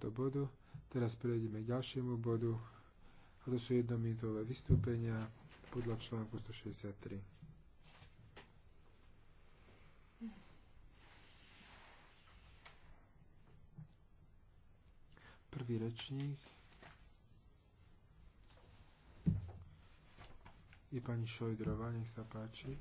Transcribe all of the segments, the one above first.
tomuto bodu. Teraz prejdeme k ďalšiemu bodu. A to sú jednominútové vystúpenia podľa článku 163. prvý rečník je pani Šojdrova, nech sa páči.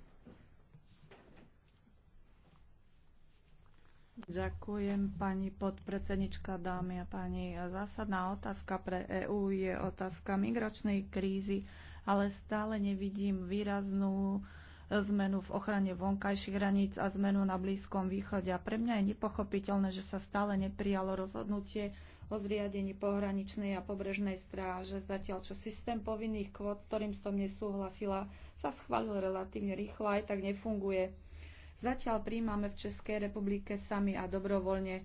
Ďakujem, pani podpredsednička, dámy a páni. Zásadná otázka pre EÚ je otázka migračnej krízy, ale stále nevidím výraznú zmenu v ochrane vonkajších hraníc a zmenu na Blízkom východe. A pre mňa je nepochopiteľné, že sa stále neprijalo rozhodnutie o zriadení pohraničnej a pobrežnej stráže, zatiaľ čo systém povinných kvót, ktorým som nesúhlasila, sa schválil relatívne rýchlo, aj tak nefunguje Zatiaľ príjmame v Českej republike sami a dobrovoľne,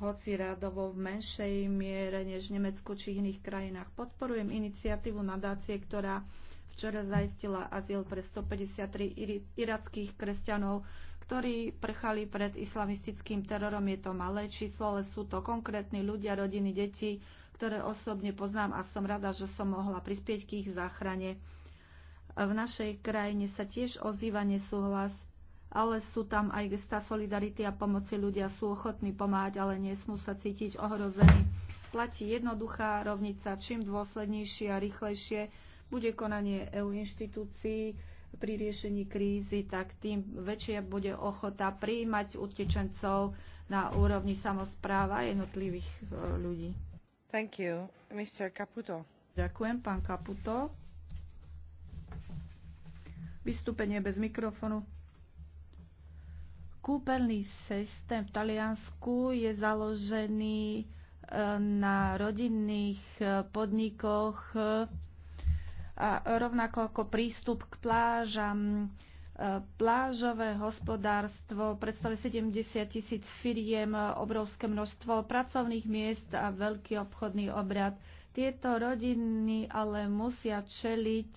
hoci radovo v menšej miere než v Nemecku či iných krajinách. Podporujem iniciatívu nadácie, ktorá včera zaistila azyl pre 153 irackých kresťanov, ktorí prchali pred islamistickým terorom. Je to malé číslo, ale sú to konkrétni ľudia, rodiny, deti, ktoré osobne poznám a som rada, že som mohla prispieť k ich záchrane. V našej krajine sa tiež ozýva nesúhlas ale sú tam aj gesta solidarity a pomoci. Ľudia sú ochotní pomáhať, ale nesmú sa cítiť ohrození. Platí jednoduchá rovnica, čím dôslednejšie a rýchlejšie bude konanie EU inštitúcií pri riešení krízy, tak tým väčšia bude ochota prijímať utečencov na úrovni samozpráva jednotlivých e, ľudí. Thank you, Mr. Caputo. Ďakujem, pán Caputo. Vystúpenie bez mikrofonu. Kúpeľný systém v Taliansku je založený e, na rodinných e, podnikoch e, a rovnako ako prístup k plážam. Plážové hospodárstvo predstavuje 70 tisíc firiem, obrovské množstvo pracovných miest a veľký obchodný obrad. Tieto rodiny ale musia čeliť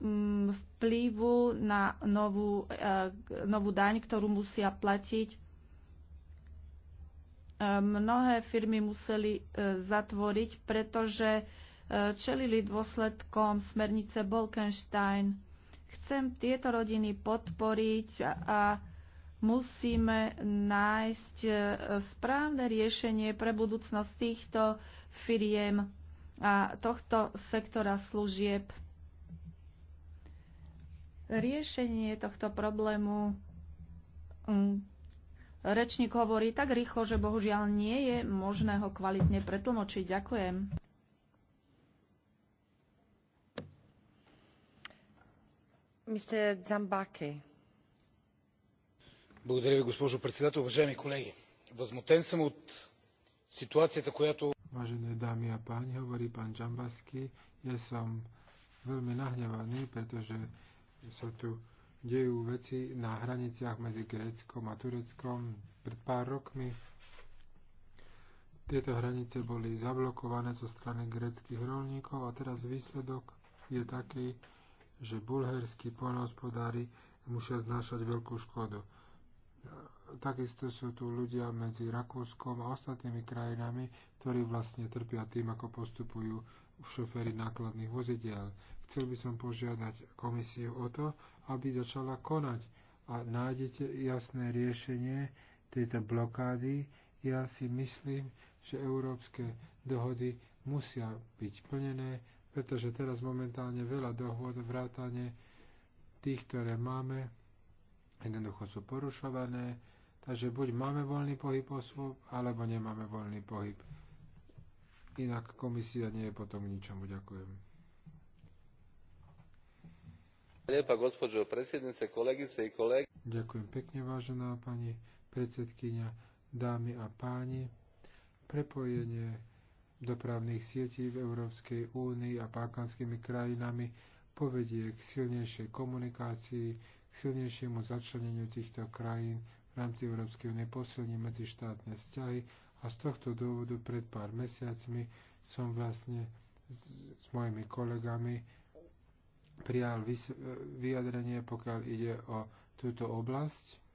Mm, vplyvu na novú, eh, novú daň, ktorú musia platiť eh, mnohé firmy museli eh, zatvoriť, pretože čelili dôsledkom smernice Bolkenstein. Chcem tieto rodiny podporiť a musíme nájsť správne riešenie pre budúcnosť týchto firiem a tohto sektora služieb riešenie tohto problému um, rečník hovorí tak rýchlo, že bohužiaľ nie je možné ho kvalitne pretlmočiť. Ďakujem. Mr. Zambaki. Благодаря ви, госпожо председател. Уважаеми колеги, възмутен съм от ситуацията, която... Vážené дами и пани, говори пан Джамбаски, я съм veľmi nahnevaný, pretože sa tu dejú veci na hraniciach medzi Gréckom a Tureckom. Pred pár rokmi tieto hranice boli zablokované zo strany gréckých rolníkov a teraz výsledok je taký, že bulherskí poľnohospodári musia znášať veľkú škodu. Takisto sú tu ľudia medzi Rakúskom a ostatnými krajinami, ktorí vlastne trpia tým, ako postupujú šoféry nákladných vozidiel. Chcel by som požiadať komisiu o to, aby začala konať a nájdete jasné riešenie tejto blokády. Ja si myslím, že európske dohody musia byť plnené, pretože teraz momentálne veľa dohôd vrátane tých, ktoré máme, jednoducho sú porušované, takže buď máme voľný pohyb osôb, alebo nemáme voľný pohyb. Inak komisia nie je potom ničomu. Ďakujem. Ďakujem pekne, vážená pani predsedkynia, dámy a páni. Prepojenie dopravných sietí v Európskej únii a balkánskymi krajinami povedie k silnejšej komunikácii, k silnejšiemu začleneniu týchto krajín v rámci Európskej únie posilní medzištátne vzťahy a z tohto dôvodu pred pár mesiacmi som vlastne s, s mojimi kolegami prijal vyjadrenie, pokiaľ ide o túto oblasť.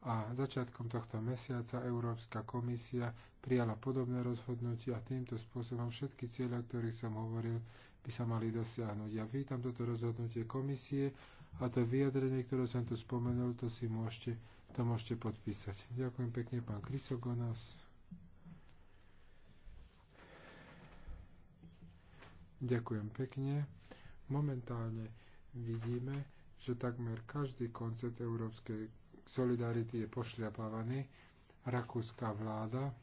A začiatkom tohto mesiaca Európska komisia prijala podobné rozhodnutie a týmto spôsobom všetky cieľa, o ktorých som hovoril, by sa mali dosiahnuť. Ja vítam toto rozhodnutie komisie a to vyjadrenie, ktoré som tu spomenul, to si môžete, to môžete podpísať. Ďakujem pekne, pán Krysogonos. Ďakujem pekne. Momentálne vidíme, že takmer každý koncept európskej solidarity je pošľapávaný. Rakúska vláda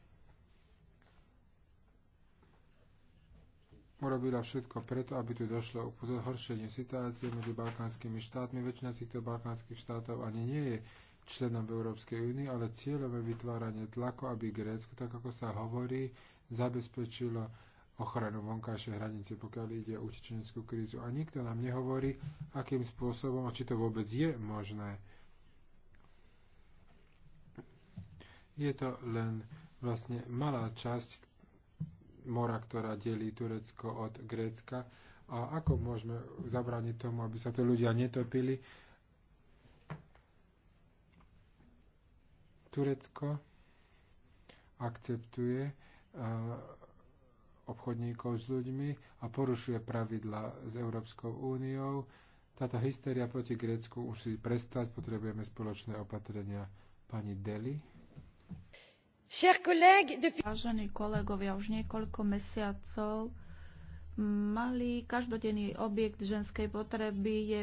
urobila všetko preto, aby tu došlo k zhoršeniu situácie medzi balkánskymi štátmi. Väčšina z týchto balkánskych štátov ani nie je členom Európskej únie, ale cieľom je vytváranie tlaku, aby Grécko, tak ako sa hovorí, zabezpečilo ochranu vonkajšej hranice, pokiaľ ide o utečeneckú krízu. A nikto nám nehovorí, akým spôsobom a či to vôbec je možné. Je to len vlastne malá časť mora, ktorá delí Turecko od Grécka. A ako môžeme zabrániť tomu, aby sa tu ľudia netopili? Turecko akceptuje uh, obchodníkov s ľuďmi a porušuje pravidla s Európskou úniou. Táto hysteria proti Grécku už si prestať, potrebujeme spoločné opatrenia. Pani Deli. Vážení kolegovia, už niekoľko mesiacov malý každodenný objekt ženskej potreby je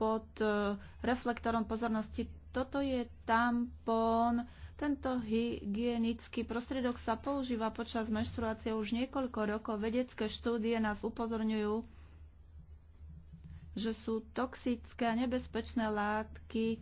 pod eh, reflektorom pozornosti. Toto je tampón tento hygienický prostriedok sa používa počas menštruácie už niekoľko rokov. Vedecké štúdie nás upozorňujú, že sú toxické a nebezpečné látky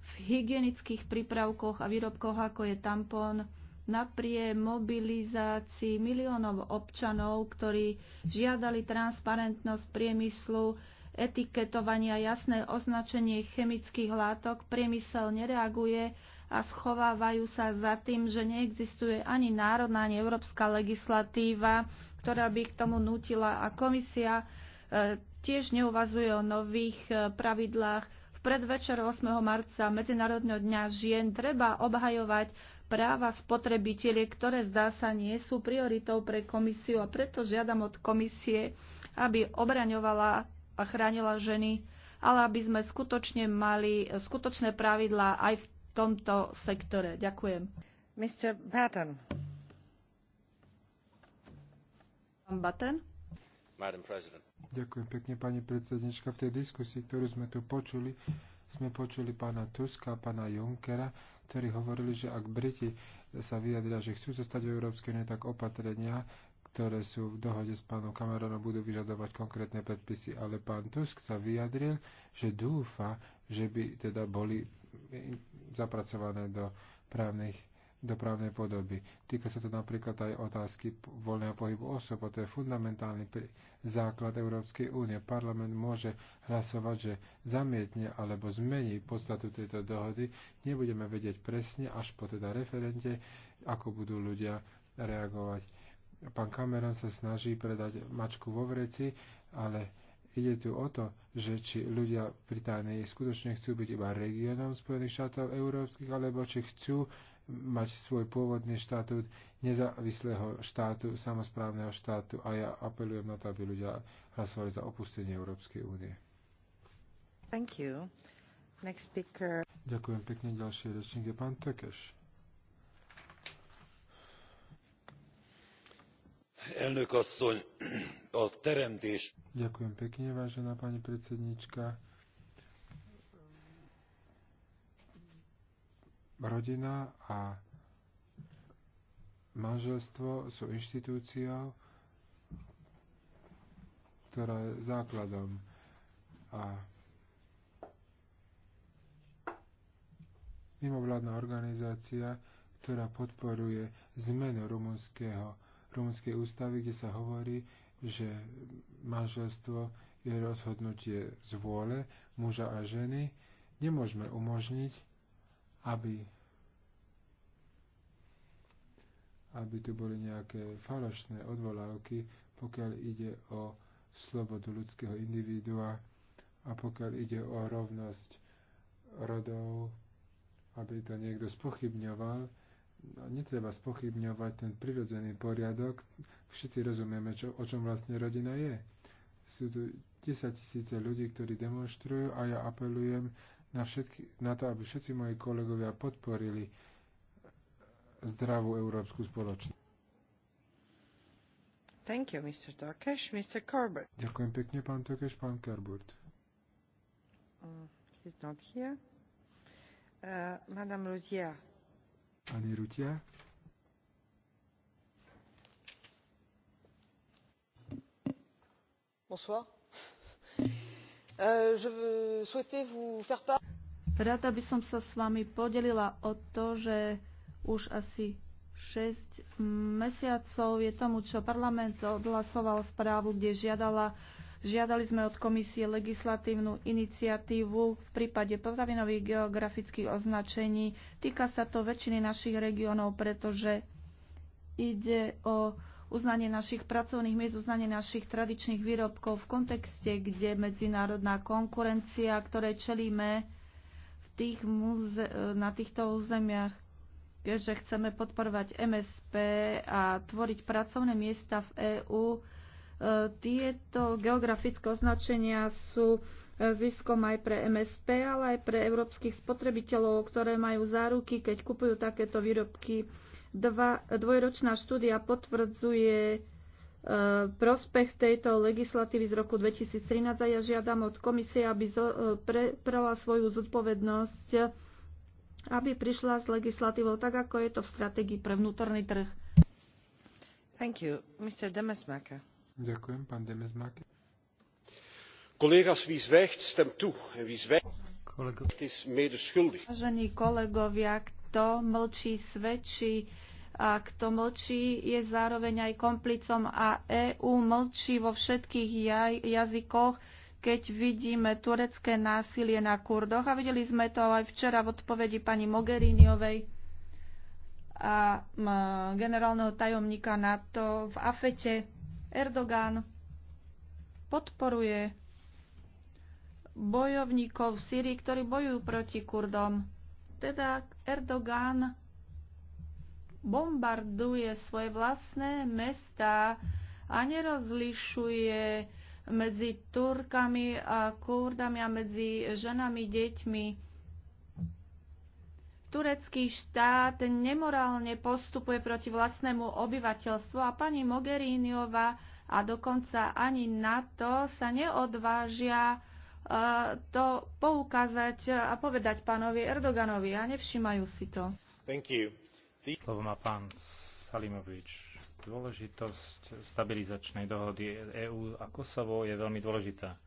v hygienických prípravkoch a výrobkoch, ako je tampón, naprie mobilizácii miliónov občanov, ktorí žiadali transparentnosť priemyslu, etiketovania, jasné označenie chemických látok, priemysel nereaguje a schovávajú sa za tým, že neexistuje ani národná, ani európska legislatíva, ktorá by k tomu nutila a komisia e, tiež neuvazuje o nových e, pravidlách. V predvečer 8. marca Medzinárodného dňa žien treba obhajovať práva spotrebitelie, ktoré zdá sa nie sú prioritou pre komisiu a preto žiadam od komisie, aby obraňovala a chránila ženy, ale aby sme skutočne mali skutočné pravidlá aj v tomto sektore. Ďakujem. Mr. Batten. Pán Batten. Ďakujem pekne, pani predsednička. V tej diskusii, ktorú sme tu počuli, sme počuli pána Tuska a pána Junckera, ktorí hovorili, že ak Briti sa vyjadria, že chcú zostať v Európskej únie, tak opatrenia ktoré sú v dohode s pánom Cameronom, budú vyžadovať konkrétne predpisy, ale pán Tusk sa vyjadril, že dúfa, že by teda boli zapracované do právnych do právnej podoby. Týka sa to napríklad aj otázky voľného pohybu osob, a to je fundamentálny základ Európskej únie. Parlament môže hlasovať, že zamietne alebo zmení podstatu tejto dohody. Nebudeme vedieť presne až po teda referente, ako budú ľudia reagovať Pán Cameron sa snaží predať mačku vo vreci, ale ide tu o to, že či ľudia v Británii skutočne chcú byť iba regiónom Spojených štátov európskych, alebo či chcú mať svoj pôvodný štatút nezávislého štátu, samozprávneho štátu a ja apelujem na to, aby ľudia hlasovali za opustenie Európskej únie. Thank you. Next speaker. Ďakujem pekne. Ďalší rečník je pán Tekeš. elnök asszony, a teremtés... Ďakujem pekne, vážená pani predsedníčka. Rodina a manželstvo sú inštitúciou, ktorá je základom a mimovládna organizácia, ktorá podporuje zmenu rumunského rumunskej ústavy, kde sa hovorí, že manželstvo je rozhodnutie z vôle muža a ženy. Nemôžeme umožniť, aby, aby tu boli nejaké falošné odvolávky, pokiaľ ide o slobodu ľudského individua a pokiaľ ide o rovnosť rodov, aby to niekto spochybňoval, netreba spochybňovať ten prirodzený poriadok. Všetci rozumieme, čo, o čom vlastne rodina je. Sú tu 10 tisíce ľudí, ktorí demonstrujú a ja apelujem na, všetky, na to, aby všetci moji kolegovia podporili zdravú európsku spoločnosť. Thank you, Mr. Tokeš. Mr. Corbett. Ďakujem pekne, pán Tokeš, pán Corbett. Uh, he's not here. Uh, Madame Rozier. Pani Rutia. Bonsoir. Euh, je souhaitais vous faire part... Rada by som sa s vami podelila o to, že už asi 6 mesiacov je tomu, čo parlament odhlasoval správu, kde žiadala Žiadali sme od komisie legislatívnu iniciatívu v prípade potravinových geografických označení. Týka sa to väčšiny našich regiónov, pretože ide o uznanie našich pracovných miest, uznanie našich tradičných výrobkov v kontexte, kde medzinárodná konkurencia, ktoré čelíme v tých muze- na týchto územiach, keďže chceme podporovať MSP a tvoriť pracovné miesta v EÚ, tieto geografické označenia sú eh, ziskom aj pre MSP, ale aj pre európskych spotrebiteľov, ktoré majú záruky, keď kupujú takéto výrobky. Dva, dvojročná štúdia potvrdzuje eh, prospech tejto legislatívy z roku 2013 a ja žiadam od komisie, aby eh, prela svoju zodpovednosť, aby prišla s legislatívou tak, ako je to v stratégii pre vnútorný trh. Thank you. Mr. Demesmaker. Ďakujem, pán Demesmaker. Collega's, wie zwijgt, stemt toe. En wie zwijgt, Kolego. is medeschuldig. Vážení kolegovia, kto mlčí, svedčí a kto mlčí, je zároveň aj komplicom a EÚ mlčí vo všetkých jaj, jazykoch, keď vidíme turecké násilie na Kurdoch. A videli sme to aj včera v odpovedi pani Mogheriniovej a generálneho tajomníka NATO v Afete. Erdogan podporuje bojovníkov v Syrii, ktorí bojujú proti Kurdom. Teda Erdogan bombarduje svoje vlastné mesta a nerozlišuje medzi Turkami a Kurdami a medzi ženami, deťmi Turecký štát nemorálne postupuje proti vlastnému obyvateľstvu a pani Mogheriniova a dokonca ani NATO sa neodvážia e, to poukázať a povedať pánovi Erdoganovi a nevšímajú si to. The... Slovo má pán Salimovič. Dôležitosť stabilizačnej dohody EÚ a Kosovo je veľmi dôležitá.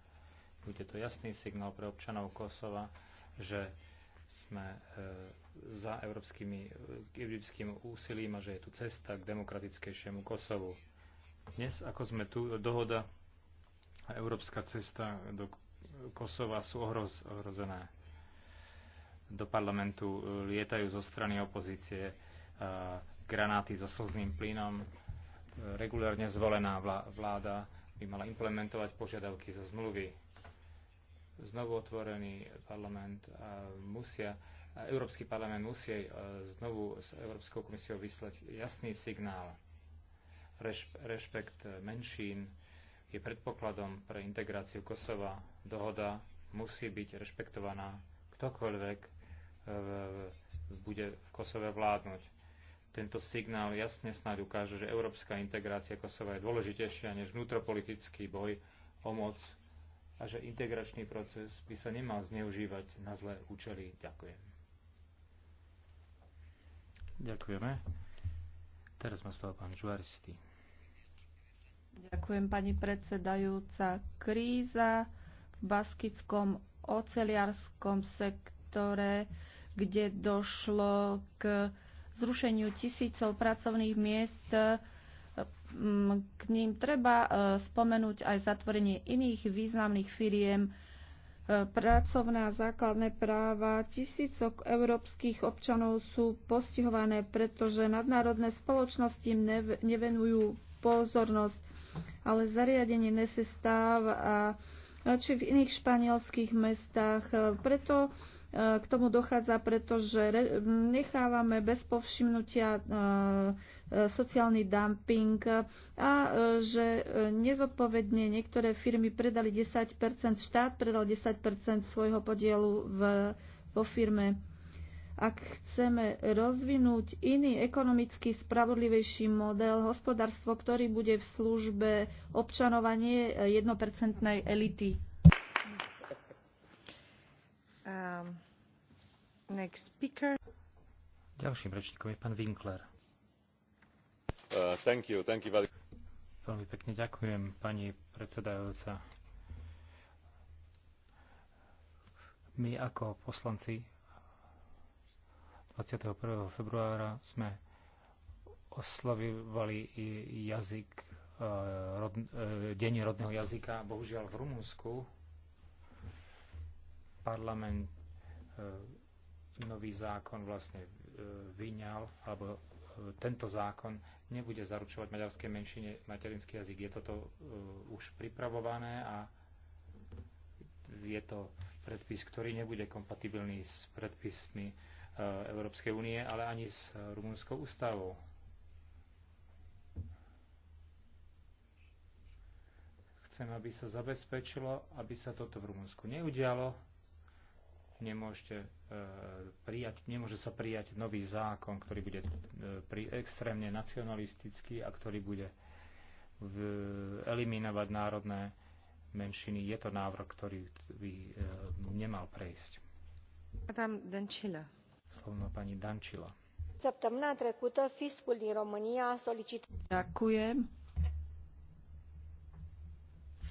Bude to jasný signál pre občanov Kosova, že sme e, za európskymi, európskym úsilím a že je tu cesta k demokratickejšiemu Kosovu. Dnes, ako sme tu, dohoda a európska cesta do Kosova sú ohroz, ohrozené. Do parlamentu e, lietajú zo strany opozície e, granáty so slzným plynom. Regulárne zvolená vláda by mala implementovať požiadavky zo zmluvy znovu otvorený parlament musia, Európsky parlament musí e, znovu s Európskou komisiou vyslať jasný signál. Reš, rešpekt menšín je predpokladom pre integráciu Kosova. Dohoda musí byť rešpektovaná ktokoľvek e, bude v Kosove vládnuť. Tento signál jasne snáď ukáže, že európska integrácia Kosova je dôležitejšia než vnútropolitický boj o moc a že integračný proces by sa nemal zneužívať na zlé účely. Ďakujem. Ďakujeme. Teraz má slovo pán Žuaristi. Ďakujem, pani predsedajúca. Kríza v baskickom oceliarskom sektore, kde došlo k zrušeniu tisícov pracovných miest, Mm, k ním treba e, spomenúť aj zatvorenie iných významných firiem, e, pracovná základné práva tisícok európskych občanov sú postihované, pretože nadnárodné spoločnosti nevenujú pozornosť, ale zariadenie nese stav a či v iných španielských mestách. E, preto k tomu dochádza, pretože nechávame bez povšimnutia E, sociálny dumping e, a e, že nezodpovedne niektoré firmy predali 10 štát predal 10 svojho podielu v, vo firme. Ak chceme rozvinúť iný ekonomicky spravodlivejší model, hospodárstvo, ktorý bude v službe občanovanie jednopercentnej elity. Um, next speaker. Ďalším rečníkom je pán Winkler. Uh, thank you, thank you very... Veľmi pekne ďakujem, pani predsedajúca. My ako poslanci 21. februára sme oslavovali jazyk, uh, rod, uh, deň rodného jazyka, bohužiaľ v Rumunsku. Parlament uh, nový zákon vlastne vyňal alebo tento zákon nebude zaručovať maďarskej menšine materinský jazyk. Je toto uh, už pripravované a je to predpis, ktorý nebude kompatibilný s predpismi uh, Európskej únie, ale ani s uh, rumúnskou ústavou. Chcem, aby sa zabezpečilo, aby sa toto v Rumunsku neudialo, nemôžete e, prijať, nemôže sa prijať nový zákon, ktorý bude e, pri extrémne nacionalistický a ktorý bude v, eliminovať národné menšiny. Je to návrh, ktorý by e, nemal prejsť. Adam Dancila. Slovno pani Dancila. Săptămâna trecută, fiscul din România a solicitat... Ďakujem.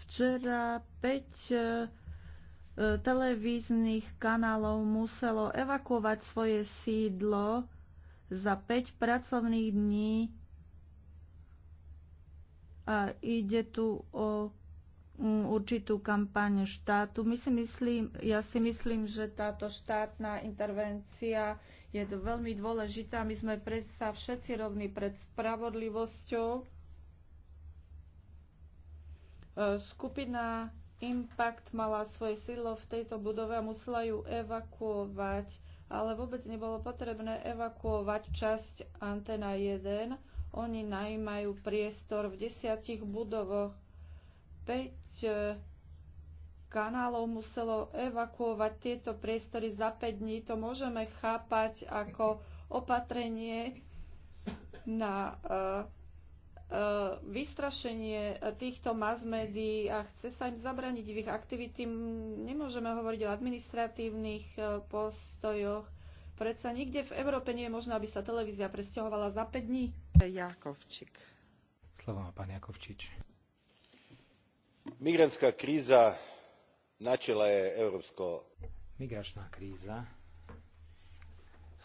Včera 5 televíznych kanálov muselo evakuovať svoje sídlo za 5 pracovných dní. A ide tu o mm, určitú kampaň štátu. My si myslím, ja si myslím, že táto štátna intervencia je veľmi dôležitá. My sme predsa všetci rovní pred spravodlivosťou. E, skupina Impact mala svoje sídlo v tejto budove a musela ju evakuovať, ale vôbec nebolo potrebné evakuovať časť Antena 1. Oni najímajú priestor v desiatich budovoch. 5 e, kanálov muselo evakuovať tieto priestory za 5 dní. To môžeme chápať ako opatrenie na uh, E, vystrašenie týchto mass médií a chce sa im zabraniť v ich aktivity. Nemôžeme hovoriť o administratívnych e, postojoch. Predsa nikde v Európe nie je možné, aby sa televízia presťahovala za 5 dní. Jakovčík. Slovo má pán Jakovčič. Migrantská kríza čele je európsko... Migračná kríza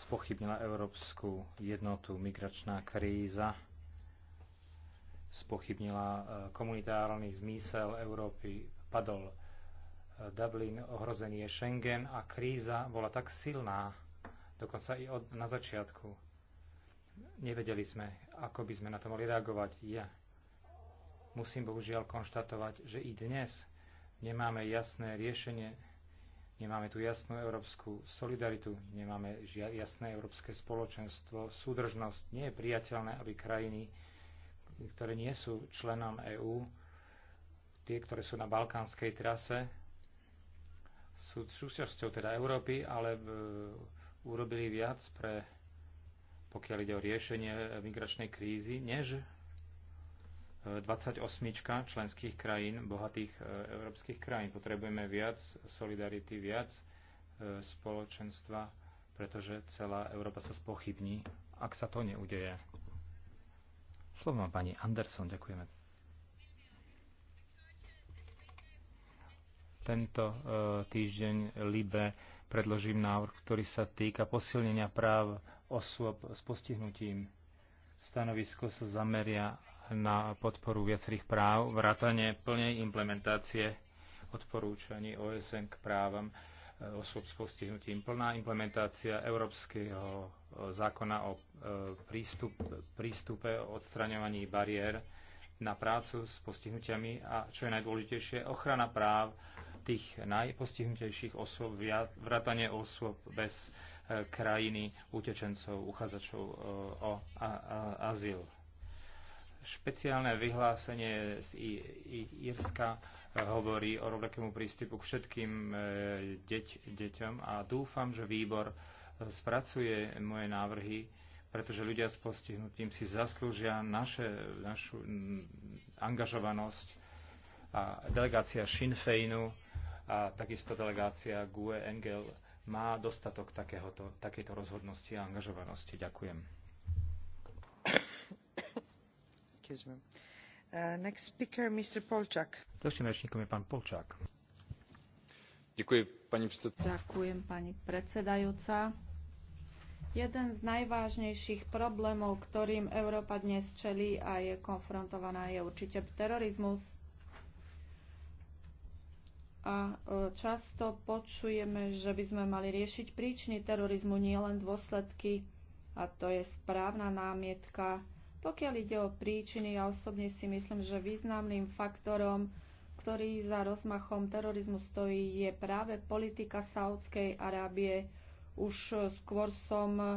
spochybnila európsku jednotu. Migračná kríza spochybnila e, komunitárny zmysel Európy, padol e, Dublin, ohrozenie Schengen a kríza bola tak silná, dokonca i od, na začiatku. Nevedeli sme, ako by sme na to mohli reagovať. Ja musím bohužiaľ konštatovať, že i dnes nemáme jasné riešenie, nemáme tu jasnú európsku solidaritu, nemáme jasné európske spoločenstvo, súdržnosť. Nie je priateľné, aby krajiny ktoré nie sú členom EÚ, tie, ktoré sú na balkánskej trase, sú súčasťou teda Európy, ale e, urobili viac pre, pokiaľ ide o riešenie migračnej krízy, než 28 e, členských krajín, bohatých e, európskych krajín. Potrebujeme viac solidarity, viac spoločenstva, pretože celá Európa sa spochybní, ak sa to neudeje. Slovo má pani Anderson, ďakujeme. Tento e, týždeň Libe predložím návrh, ktorý sa týka posilnenia práv osôb s postihnutím. Stanovisko sa zameria na podporu viacerých práv, vrátane plnej implementácie odporúčaní OSN k právam osôb s postihnutím. Plná implementácia Európskeho e, zákona o e, prístup, prístupe, o odstraňovaní bariér na prácu s postihnutiami a, čo je najdôležitejšie, ochrana práv tých najpostihnutejších osôb, vrátanie osôb bez e, krajiny, utečencov, uchádzačov o azyl. Špeciálne vyhlásenie z Írska hovorí o rovnakému prístupu k všetkým e, deť, deťom a dúfam, že výbor e, spracuje moje návrhy, pretože ľudia s postihnutím si zaslúžia naše, našu angažovanosť a delegácia Sinn Féinu a takisto delegácia GUE Engel má dostatok takéhoto, takéto rozhodnosti a angažovanosti. Ďakujem. Excuse me. Uh, Ďalším rečníkom je pán Polčák. Ďakujem, pani predsedajúca. Jeden z najvážnejších problémov, ktorým Európa dnes čelí a je konfrontovaná, je určite terorizmus. A e, často počujeme, že by sme mali riešiť príčiny terorizmu, nielen dôsledky. A to je správna námietka. Pokiaľ ide o príčiny, ja osobne si myslím, že významným faktorom, ktorý za rozmachom terorizmu stojí, je práve politika Saudskej Arábie. Už skôr som e,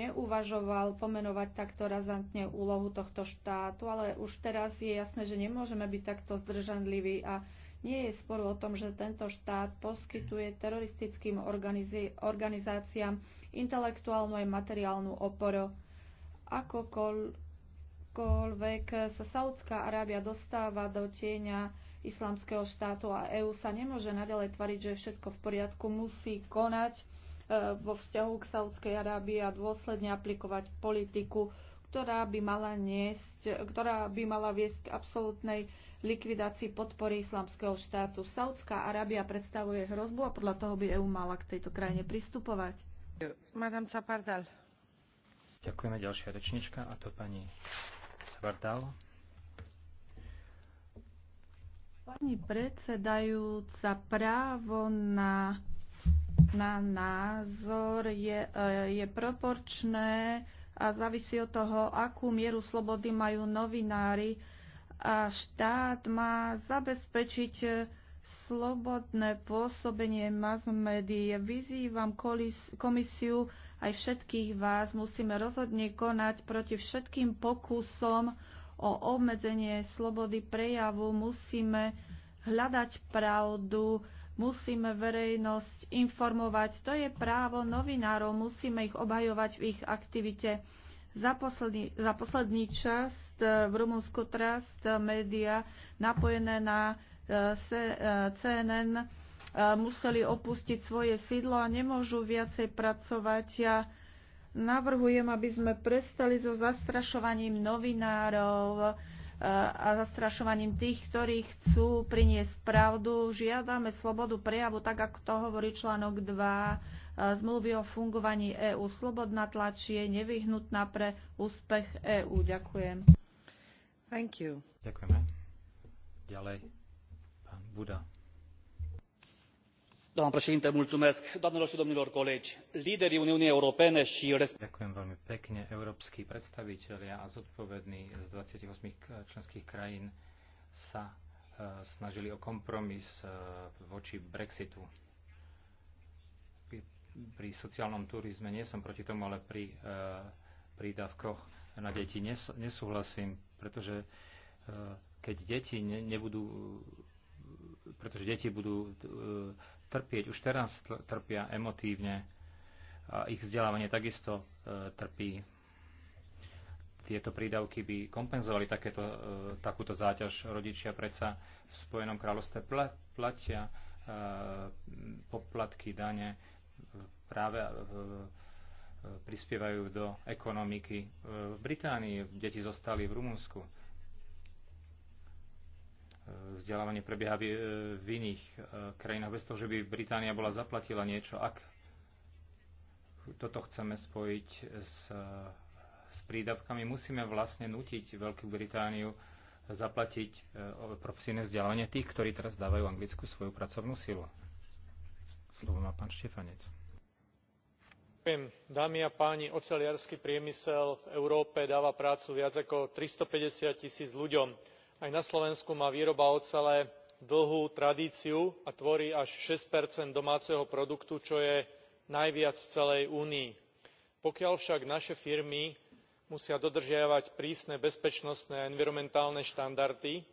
neuvažoval pomenovať takto razantne úlohu tohto štátu, ale už teraz je jasné, že nemôžeme byť takto zdržanliví a nie je sporu o tom, že tento štát poskytuje teroristickým organizáciám intelektuálnu aj materiálnu oporu akokoľvek sa Saudská Arábia dostáva do tieňa islamského štátu a EÚ sa nemôže naďalej tvariť, že je všetko v poriadku, musí konať e, vo vzťahu k Saudskej Arábii a dôsledne aplikovať politiku, ktorá by mala, niesť, ktorá by mala viesť k absolútnej likvidácii podpory islamského štátu. Saudská Arábia predstavuje hrozbu a podľa toho by EÚ mala k tejto krajine pristupovať. Madame Zapardal. Ďakujeme ďalšia rečnička a to pani Svardal. Pani predsedajúca, právo na, na názor je, e, je proporčné a závisí od toho, akú mieru slobody majú novinári a štát má zabezpečiť slobodné pôsobenie mass médií. Vyzývam komisiu, aj všetkých vás musíme rozhodne konať proti všetkým pokusom o obmedzenie slobody prejavu. Musíme hľadať pravdu, musíme verejnosť informovať. To je právo novinárov, musíme ich obhajovať v ich aktivite. Za posledný, za posledný čas e, v Rumunsku Trust média napojené na e, e, CNN museli opustiť svoje sídlo a nemôžu viacej pracovať. Ja navrhujem, aby sme prestali so zastrašovaním novinárov a zastrašovaním tých, ktorí chcú priniesť pravdu. Žiadame slobodu prejavu, tak ako to hovorí článok 2 zmluvy o fungovaní EÚ. Slobodná tlač je nevyhnutná pre úspech EÚ. Ďakujem. Thank you. Ďakujeme. Ďalej, pán Buda doamnă președintă doamnelor și domnilor colegi liderii uniunii europene și. ďakujem veľmi pekne európski predstavitelia a zodpovední z 28 eh, členských krajín sa eh, snažili o kompromis eh, voči brexitu. Pri, sociálnom turizme nie som proti tomu, ale pri e, prídavkoch na deti nesúhlasím, pretože keď deti nebudú pretože deti budú trpieť. Už teraz trpia emotívne a ich vzdelávanie takisto e, trpí. Tieto prídavky by kompenzovali takéto, e, takúto záťaž. Rodičia predsa v Spojenom kráľovstve platia e, poplatky, dane, práve prispievajú do ekonomiky. V Británii deti zostali v Rumunsku vzdelávanie prebieha v, e, v iných e, krajinách bez toho, že by Británia bola zaplatila niečo, ak toto chceme spojiť s, s prídavkami, musíme vlastne nutiť Veľkú Britániu zaplatiť e, profesijné vzdelávanie tých, ktorí teraz dávajú anglickú svoju pracovnú silu. Slovo má pán Štefanec. Dámy a páni, oceliarský priemysel v Európe dáva prácu viac ako 350 tisíc ľuďom aj na slovensku má výroba ocele dlhú tradíciu a tvorí až six domáceho produktu čo je najviac v celej únii. pokiaľ však naše firmy musia dodržiavať prísne bezpečnostné a environmentálne štandardy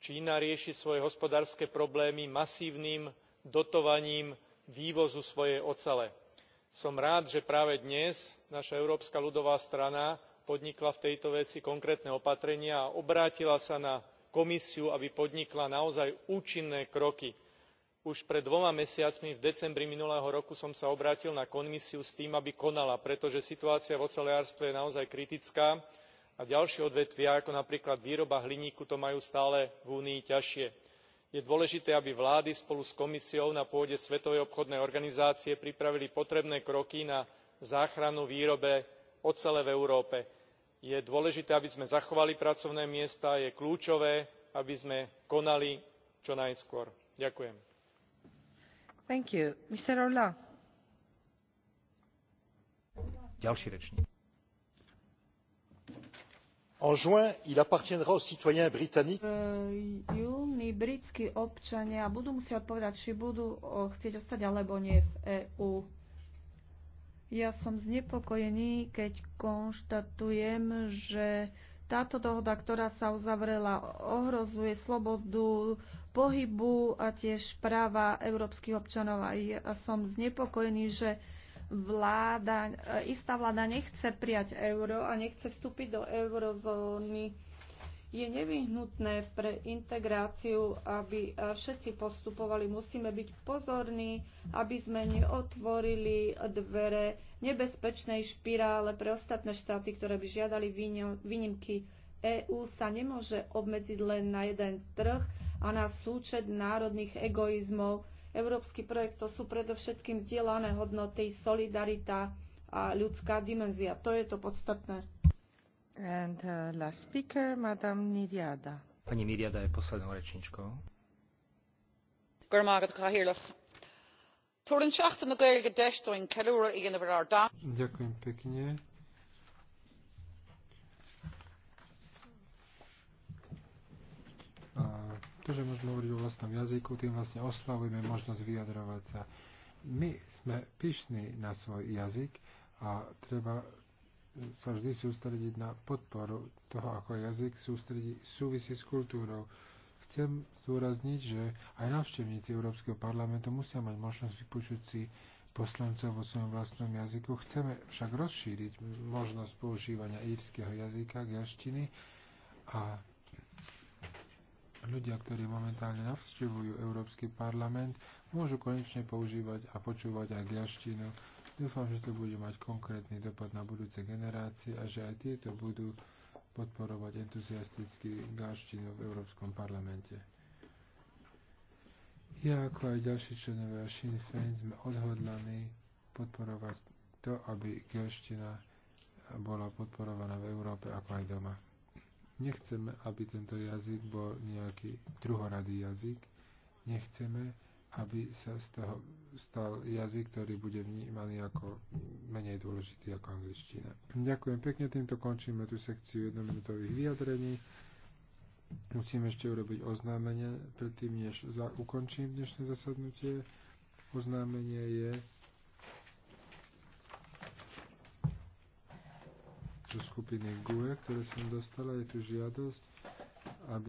čína rieši svoje hospodárske problémy masívnym dotovaním vývozu svojej ocele. som rád že práve dnes naša európska ľudová strana podnikla v tejto veci konkrétne opatrenia a obrátila sa na komisiu aby podnikla naozaj účinné kroky. už pred dvoma mesiacmi v decembri minulého roku som sa obrátil na komisiu s tým aby konala pretože situácia v oceliarstve je naozaj kritická a ďalšie odvetvia, ako napríklad výroba hliníku to majú stále v únii ťažšie. je dôležité aby vlády spolu s komisiou na pôde svetovej obchodnej organizácie pripravili potrebné kroky na záchranu výroby ocele v európe je dôležité aby sme zachovali pracovné miesta je kľúčové aby sme konali čo najskôr. ďakujem. en juin il appartiendra aux citoyens britanniques v júni britskí občania budú musieť odpovedať či budú eh, chcieť ostať alebo nie v eú ja som znepokojený, keď konštatujem, že táto dohoda, ktorá sa uzavrela, ohrozuje slobodu pohybu a tiež práva európskych občanov. A ja som znepokojený, že vláda, e, istá vláda nechce prijať euro a nechce vstúpiť do eurozóny je nevyhnutné pre integráciu, aby e, všetci postupovali. Musíme byť pozorní, aby sme neotvorili dvere nebezpečnej špirále pre ostatné štáty, ktoré by žiadali výnimky. EÚ sa nemôže obmedziť len na jeden trh a na súčet národných egoizmov. Európsky projekt to sú predovšetkým vzdielané hodnoty, solidarita a ľudská dimenzia. To je to podstatné and uh, last speaker, Madame Niriada. Pani Niriada je poslednou rečničkou. Ďakujem pekne. to, že môžeme hovoriť o vlastnom jazyku, tým vlastne oslavujeme možnosť vyjadrovať sa. My sme pyšní na svoj jazyk a treba sa vždy sústrediť na podporu toho, ako jazyk sústredí, súvisí s kultúrou. Chcem zdôrazniť, že aj návštevníci Európskeho parlamentu musia mať možnosť vypočuť si poslancov vo svojom vlastnom jazyku. Chceme však rozšíriť možnosť používania írskeho jazyka, gaštiny a ľudia, ktorí momentálne navštevujú Európsky parlament, môžu konečne používať a počúvať aj gliaštinu Dúfam, že to bude mať konkrétny dopad na budúce generácie a že aj tieto budú podporovať entuziasticky gáštinu v Európskom parlamente. Ja ako aj ďalší členovia Sinn Féin sme odhodlaní podporovať to, aby gáština bola podporovaná v Európe ako aj doma. Nechceme, aby tento jazyk bol nejaký druhoradý jazyk. Nechceme, aby sa z toho stal jazyk, ktorý bude vnímaný ako menej dôležitý ako angličtina. Ďakujem pekne, týmto končíme tú sekciu jednominútových vyjadrení. Musím ešte urobiť oznámenie, predtým než za, ukončím dnešné zasadnutie. Oznámenie je, zo skupiny GUE, ktoré som dostala, je tu žiadosť